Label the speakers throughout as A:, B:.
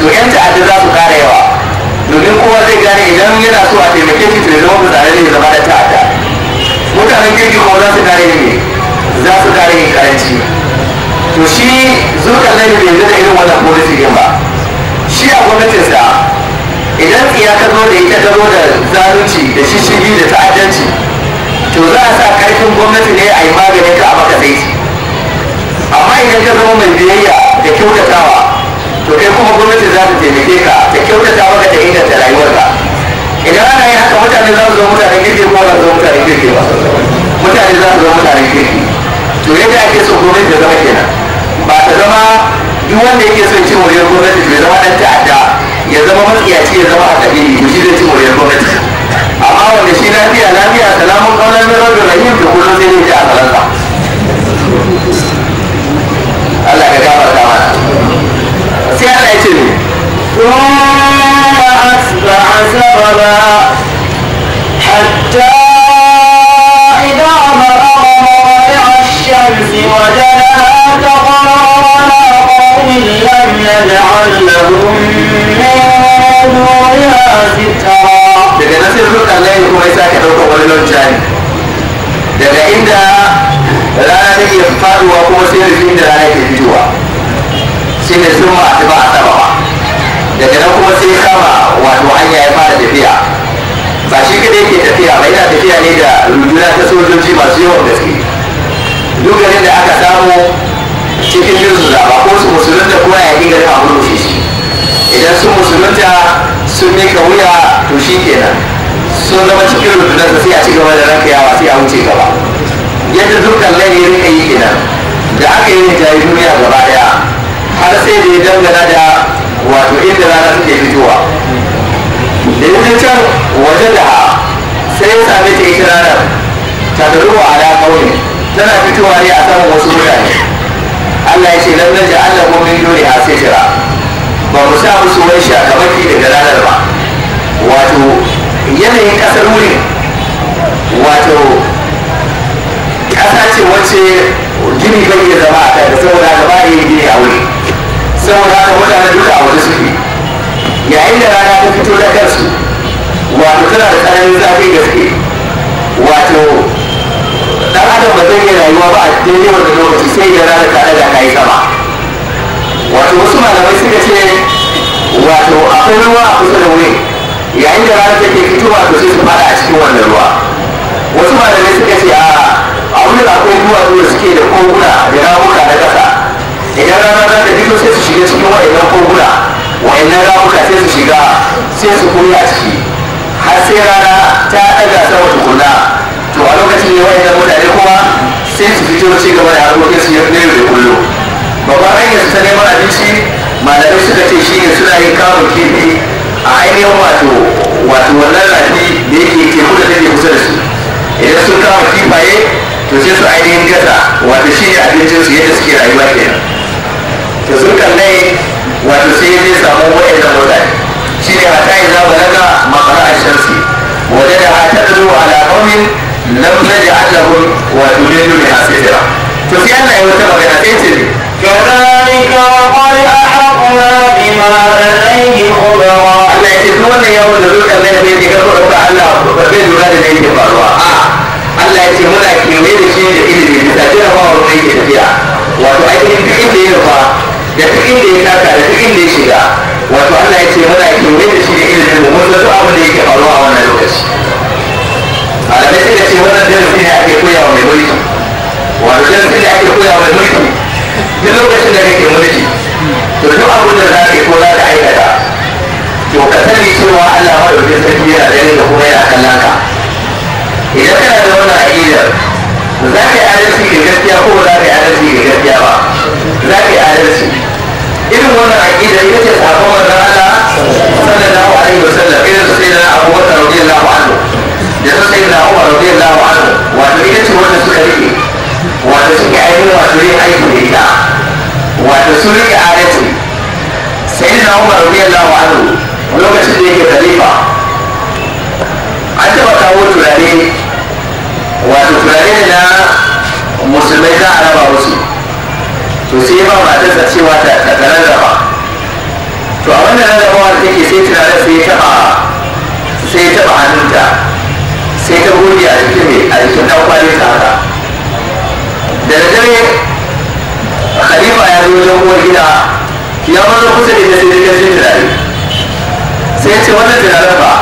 A: to yan ta'adda za su kara yawa domin kowa zai gane idan yana so a taimake shi to ya zama mutane ne zama da ta'adda mutanen kirki kuma za su kare ne za su kare ne karanci to shi zurkan zai bai zai da irin wannan policy din ba shi a sa. idan tsiya ta zo da ita ta zo da zalunci da shishigi da ta'addanci to za a sa karfin gwamnati ne a yi maganin ka a maka zai amma idan ka zama mai biyayya da kyautatawa to kai kuma gwamnati za ta taimake ka da kyautata maka da inganta rayuwarka idan ana yi haka mutane za su zama mutane kirki ko ba su zama mutane kirki ba mutane za su zama mutane kirki to yadda ake so gwamnati da zama kenan ba ta zama duk wanda yake son cin moriyar gwamnati to ya zama dan ta'adda ya zama matsiyaci ya zama a kabili to shi zai cin moriyar gwamnati amma kuma ya sake ɗauka wani lunjani daga inda rana take faɗuwa kuma sai rufi inda rana ke fitowa shi ne sun ma ba a saba ba daga nan kuma sai kama wato hanya ya fara tafiya ba shi kadai ke tafiya ba yana tafiya ne da runduna ta sojoji masu yawan gaske duk da aka samu cikin su ba ko su musulunta ko ya yi garin abu shi idan su musulunta sun ne ka wuya to shi kenan sun zama cikin rundunarsa sai a ci gaba da yawa sai a wuce gaba yadda dukkan lai ya rika yi kenan da aka yi yi duniya gaba daya har sai da ya dangana da wato inda rana suke fitowa da ya can waje da sai ya same ta ita ranar ta garuwa a kaune tana fitowa ne a saman wasu mutane Allah ya ce nan naja Allah ko min dole a sai jira ba mu sa musu a kamar daga ranar ba wato yanayin ƙasar wurin wato kasa ce wacce gini bai iya zama a kai saboda gaba ya yi gini a wuri saboda haka mutane duka a waje suke yayin da rana ta fito da kansu wato tana da tsananin zafi gaske wato dan adam ba zai iya rayuwa ba a daidai wanda lokaci sai da rana ta daga kai sama wato wasu malamai suka ce wato akwai ruwa a kusa da wuri yayin da rana take fitowa to sai su fada a cikin wannan ruwa wasu malamai suka ce a a wurin akwai duwatsu da suke da koguna da ramuka na ƙasa idan rana za ta fito sai su shiga cikin wa'annan koguna wa'annan ramuka sai su shiga sai su koya a ciki har sai rana ta ɗaga sama tukuna to a lokacin ne wa'annan mutane kuma sai su fito ci gaba da harkokin su yau da kullum babban hanyar su ta neman abinci malamai suka ce shi ne suna yin kamun kifi a ainihin wato wato wannan rafi da yake teku da take kusa da su idan sun kama kifaye to sai su ainihin gasa wato shi ne abincin su yadda suke rayuwa ke nan. to sun kallai wato sai zai samu wa'annan mutane shi ne hata ya zaba daga makara a su. wajen da hata da zuwa alaƙaunin lam naj'al lahum wato ne min duni hasira to sai Allah ya wata magana sai ce كذلك وقد أحطنا بما لديه خبرا yanzu wannan zuwa Allah lura da faruwa a Allah ya ce muna da shi da ilimi bisa jarabawa ruwa yake tafiya wato ainihin duk inda ya da duk inda ya taka da duk inda ya shiga wato Allah ya ce muna da shi da ilimin mu mun san abin da yake faruwa a wannan lokaci malamai suka ce wannan ake koya wa mai mulki wato darasi ne ake koya wa mai mulki duk lokacin da kake mulki to duk abin da aikata to ka sani cewa Allah madaukin sarki yana gani da kuma yana kallon ka idan kana da wannan aƙidar za ka yi adalci ga gaskiya ko ba za ka yi adalci ga gaskiya ba za ka yi adalci irin wannan aƙidar ita ce sabon manzon Allah sallallahu alaihi wasallam irin su sayyidina Abu Bakar radiyallahu anhu da su sayyidina Umar radiyallahu anhu wato ita ce wanda suka rike wato suke ainihin wato yin aiki da ita wato sun rike adalci sai na umar radiyallahu anhu lokacin da yake khalifa an taba kawo turare wato turare ne na musulmai ta araba musu to sai ba matarsa cewa ta ta rarraba. to a wannan rarrabawar take sai turare sai ya taba sai ya taba hannunta sai ta goge a jikin mai a jikin dan kwalin ta haka da dare khalifa ya zo wajen uwar gida ya ma zo kusa da sai ka shi tunani sai ya ce wannan tunanin ba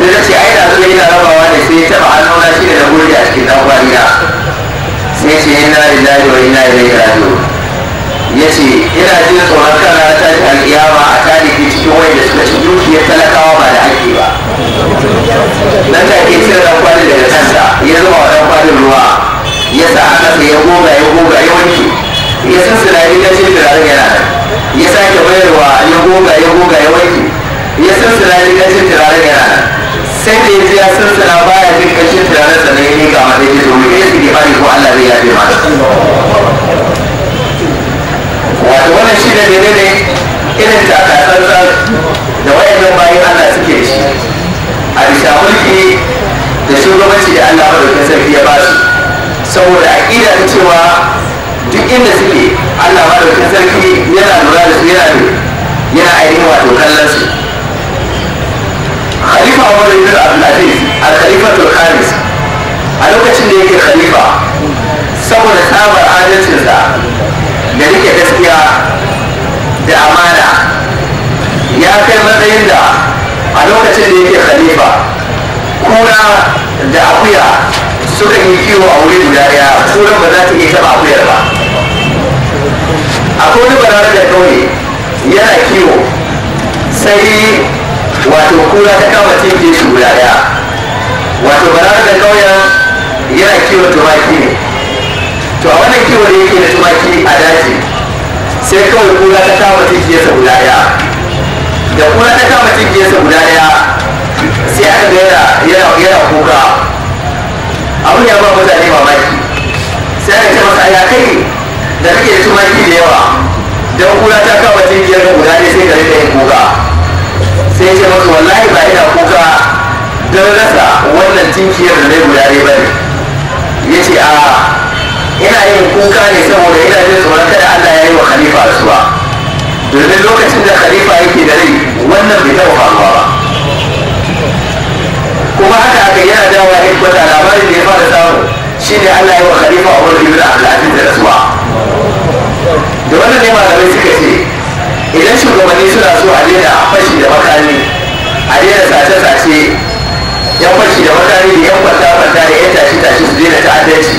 B: sai ya ce ai da zuwa yana rabawa ne sai ya taba annauna shi da goge a
A: cikin dan kwariya sai ce inna da wa inna ilaihi raji'un ya ce ina jin tsoron kana ta ji alƙiyama a tarihi cikin da suka ci dukiyar talakawa ba da haƙƙi ba nan da ke cire dan kwali daga kansa ya zama wa dan kwalin ruwa ya sa a kasa ya goga ya goga ya wanke ya san sinari na jin turaren yana da ya sake bayarwa ya goga ya goga ya wanke ya sassana ya kashin turare ga yana sai da ya ba ya sansana baya jin kashin turare sannan ya miƙa mata ya domin ya suke ke ko Allah zai yafe ma wato wannan shi da ne ne irin ta ta tsantsan da wayannan bayan Allah suke shi a bisa mulki da shugabanci da Allah da kasar ya ba su saboda aƙida ta cewa duk inda suke Allah ba da sarki yana lura da su yana yana ainihin wato kallon su khalifa Umar ibn Abdul al-Khalifatul Khamis a lokacin da yake khalifa saboda tsabar adalcinsa da rike gaskiya da amana ya kai matsayin da a lokacin da yake khalifa kura da akuya suka yi kiwo a wuri guda daya kuran ba za ta iya taɓa akuyar ba akwai wani barar da kauye yana kiwo sai wato kura ta kama cinke shi guda daya wato barar da kauyen yana kiwo tumaki ne to a wannan kiwo da yake da tumaki a daji sai kawai kura ta kama cinkiyarsa guda daya da kura ta kama cinkiyarsa guda daya sai aka ga yana yana kuka abin ya ba mutane mamaki sai aka ce masa ya kai da kake da tumaki da yawa don kula ta kawo cingiyar da guda ne sai ka rika yin kuka sai ce maka wallahi ba ina kuka don rasa wannan cingiyar da zai guda ne ba ne ya ce a ina yin kuka ne saboda ina jin tsoron kada Allah ya yi wa khalifa rasuwa domin lokacin da khalifa yake da rai wannan bai taɓa faruwa ba kuma haka haka yana dawa ya kwata labarin da ya fara samu shine Allah ya yi wa khalifa wani ibn Abdul Aziz da rasuwa da wannan ne malamai suka ce idan shugabanni suna so a daina fashi da makami a daina sace-sace yan fashi da makami da yan kwanta-kwanta da yan tashi-tashi su daina ta'addanci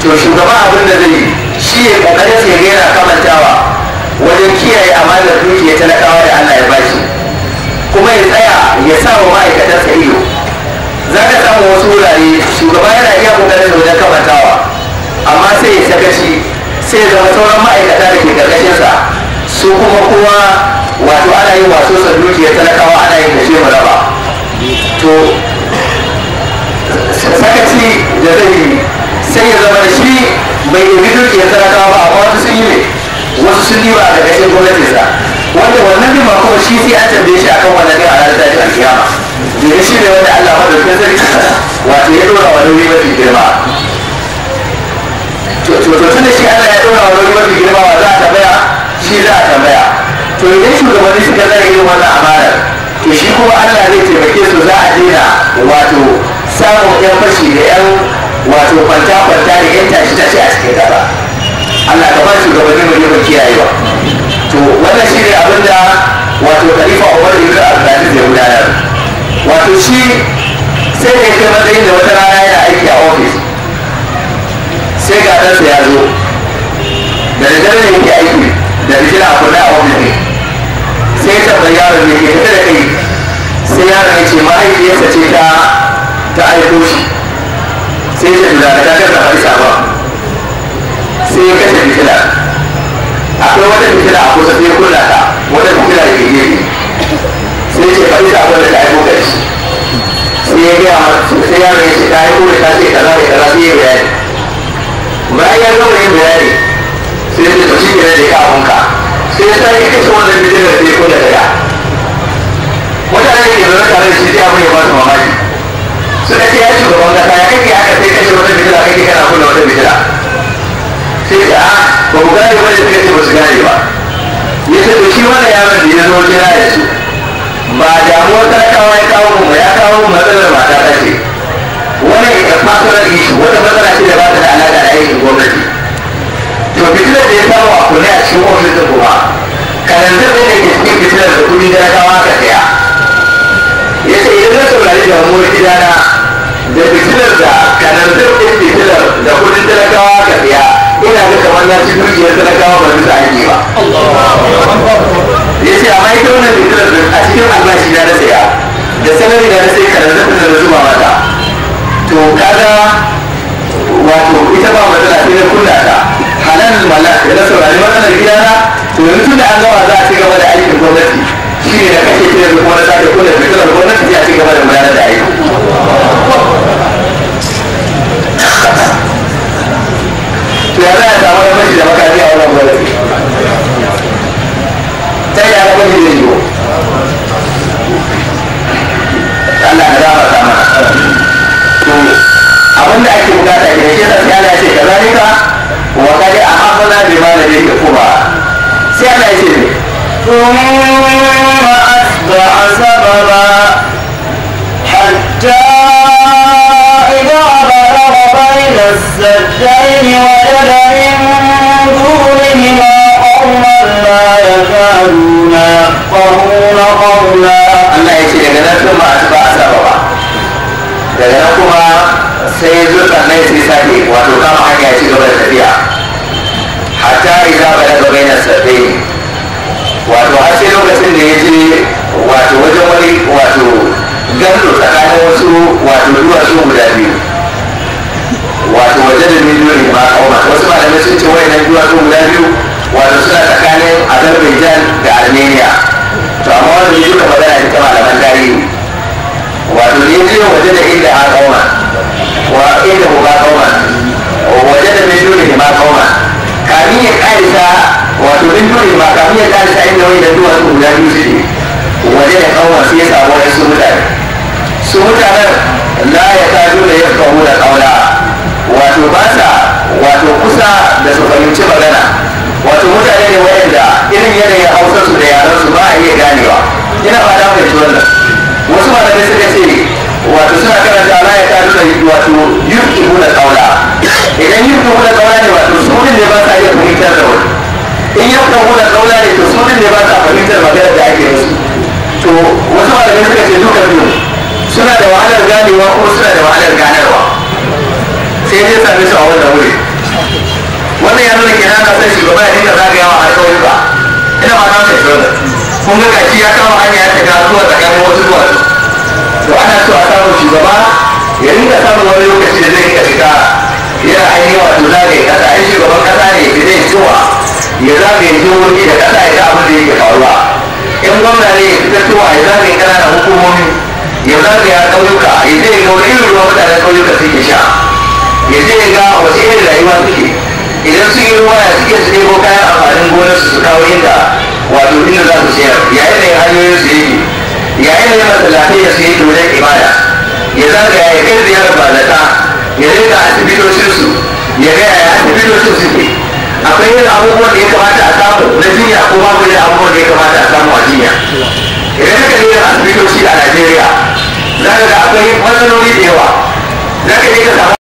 A: to shugaba abin da zai shi ya kokarin sai ga yana kamantawa wajen kiyaye amanar dukiya talakawa da Allah ya bashi kuma ya tsaya ya sa wa sa ido za ka samu wasu wurare shugaba yana iya kokarin wajen kamantawa amma sai ya sakaci sai zama sauran ma'aikata da ke sa su kuma kowa wato ana yin wasu san dukiyar talakawa ana yin kashe mu raba to sakaci da zai yi sai ya zama da shi bai yi dukiyar talakawa ba amma wasu sun yi ne wasu sun yi ba a karkashin sa wanda wannan ma kuma shi sai an tambaye shi akan wannan ne a ranar tashin alkiyama domin shi ne wanda Allah madaukakin sarki wato ya dora wa nauyi girma da shugabanni suka zara irin wannan amana to shi kuma Allah zai taimake su za a daina wato samun yan fashi da yan wato kwanta kwanta da yan tashi tashi a cikin gaba Allah ka ba shugabanni mai yawan kiyayewa to wannan shi ne abin da wato khalifa Umar ibn Abdulaziz ya gudanar wato shi sai da ya kai matsayin da wata rana yana aiki a ofis sai ga ɗansa ya zo da da ya yake aiki da rigila a kula a ofis ne sai ya taɓa yaron ne ke tafi da kai sai yaron ya ce mahaifiyarsa ce ta ta aiko shi sai ta ce da ta ta faɗi sabon sai ya kashe fitila akwai wata fitila a kusa sai ya kula ta wata fitila da ke gefe sai ya ce faɗi sabon da ta aiko kai shi sai ya gaya sai yaron ya ce ta aiko da ta ce ta da kaza sai ya bayani bayan ya gama yin bayani sai ya ce to shi ne da ya kawo ka sai ya sani kai kuma da bidin da ya kula daga mutane da ke zaune tare da shi sai abin ba su mamaki suka ce ya shugaban kasa ya kake sai kashe wata bidila kake kana kula wata bidila sai ce a ba mu gane ba da suka ce ba su gane ba ya ce to shi wannan yaron da ya zo jira da su ba damuwar ta kawo ya kawo mu ya kawo mu matsalar mata ta ce wani personal issue wata matsala ce da ba ta da to fitilar da ya samu a kunne a cikin ofis ba. kuma karanzir ne da ke cikin fitilar da kudi da kawa ka saya ya ce idan na saurari da mamuwar na. da fitilar da karanzir ɗin fitilar da kudin talakawa ka saya ina ga kamar na ci dukiyar talakawa ba bisa aiki ba ya ce amma ita wannan fitilar a cikin albashi na da saya da sanari na da sai karanzir ɗin da zuba mata to kaga wato ita ba matsala sai na kulla ta alhaji malak ya na saurari wannan gidana to yanzu tun an gama za a ci gaba da aikin gwamnati shi ne da kake kira da kuma na kula da gwamnati sai ci gaba da gudanar da aiki sannan sai sake wato kama hanya ya ci gaba da tafiya hatta idza balaga baina safain wato har sai lokacin da ya je wato wajen wani wato gando tsakanin wasu wato duwatsu guda biyu wato wajen da min duni ma kauma wasu malamai sun ce na duwatsu guda biyu wato suna tsakanin azerbaijan da armenia to amma wannan yi duka magana ta malaman tarihi wato ne ce waje da inda a kauma وإنه ما قوما ووجد من دونه ما قوما كارثة وتمن دونه ما كامية كارثة إنه إذا دون أولى يوسف وجد قوما سيسا ويسو متعب su mutanen la ya kaju da ya fahu da kaula wato ba wato kusa da su fahimci magana wato mutane ne wayanda irin yanayin hausar su da su ba a iya ina ba wato yurki hula kaula idan yurki hula kaula ne wato su ne ba sa iya fahimtar da wani in yurki hula kaula ne to su ne ba sa fahimtar maganar da ake musu to wasu malamai suka ce duka biyu suna da wahalar ganewa ko suna da wahalar ganarwa sai dai same su a wannan wuri wannan ya nuna kenan na san shugaba ya dinga zagayawa a kawai ba ina ba ta shi wannan kun ga gashi ya kama hanya ya shiga tsakanin wasu zuwa to ana so a samu shugaba ya rinka samun wani lokaci da zai fita yana ainihin wato zagaye kasa ai shugaban kasa ne da zai cewa ya zagaye jihohi da kasa ya ga abin da yake faruwa in gwamna ne ya fita cewa ya zagaye ƙananan hukumomi ya ya ƙauyuka ya zai ga wani irin ruwa mutanen ƙauyuka suke sha ya zai ga wasu irin rayuwa suke idan sun yi ruwa ya suke su ɗebo kayan amfanin gonar su su kawo inda wato inda za su sayar yayin da hanyoyin su yake yayin da masallatai ya su yake wajen ibada ya ka ya kai ziyarar bazata ya rika su ya ga yaya asibitocin ke akwai yin abubuwan da ya kamata a samu na jinya ko ku yin abubuwan da ya kamata a samu a jinya idan ka kalli yin asibitoci a najeriya za ka ga akwai matsaloli da yawa za ka yi ka samu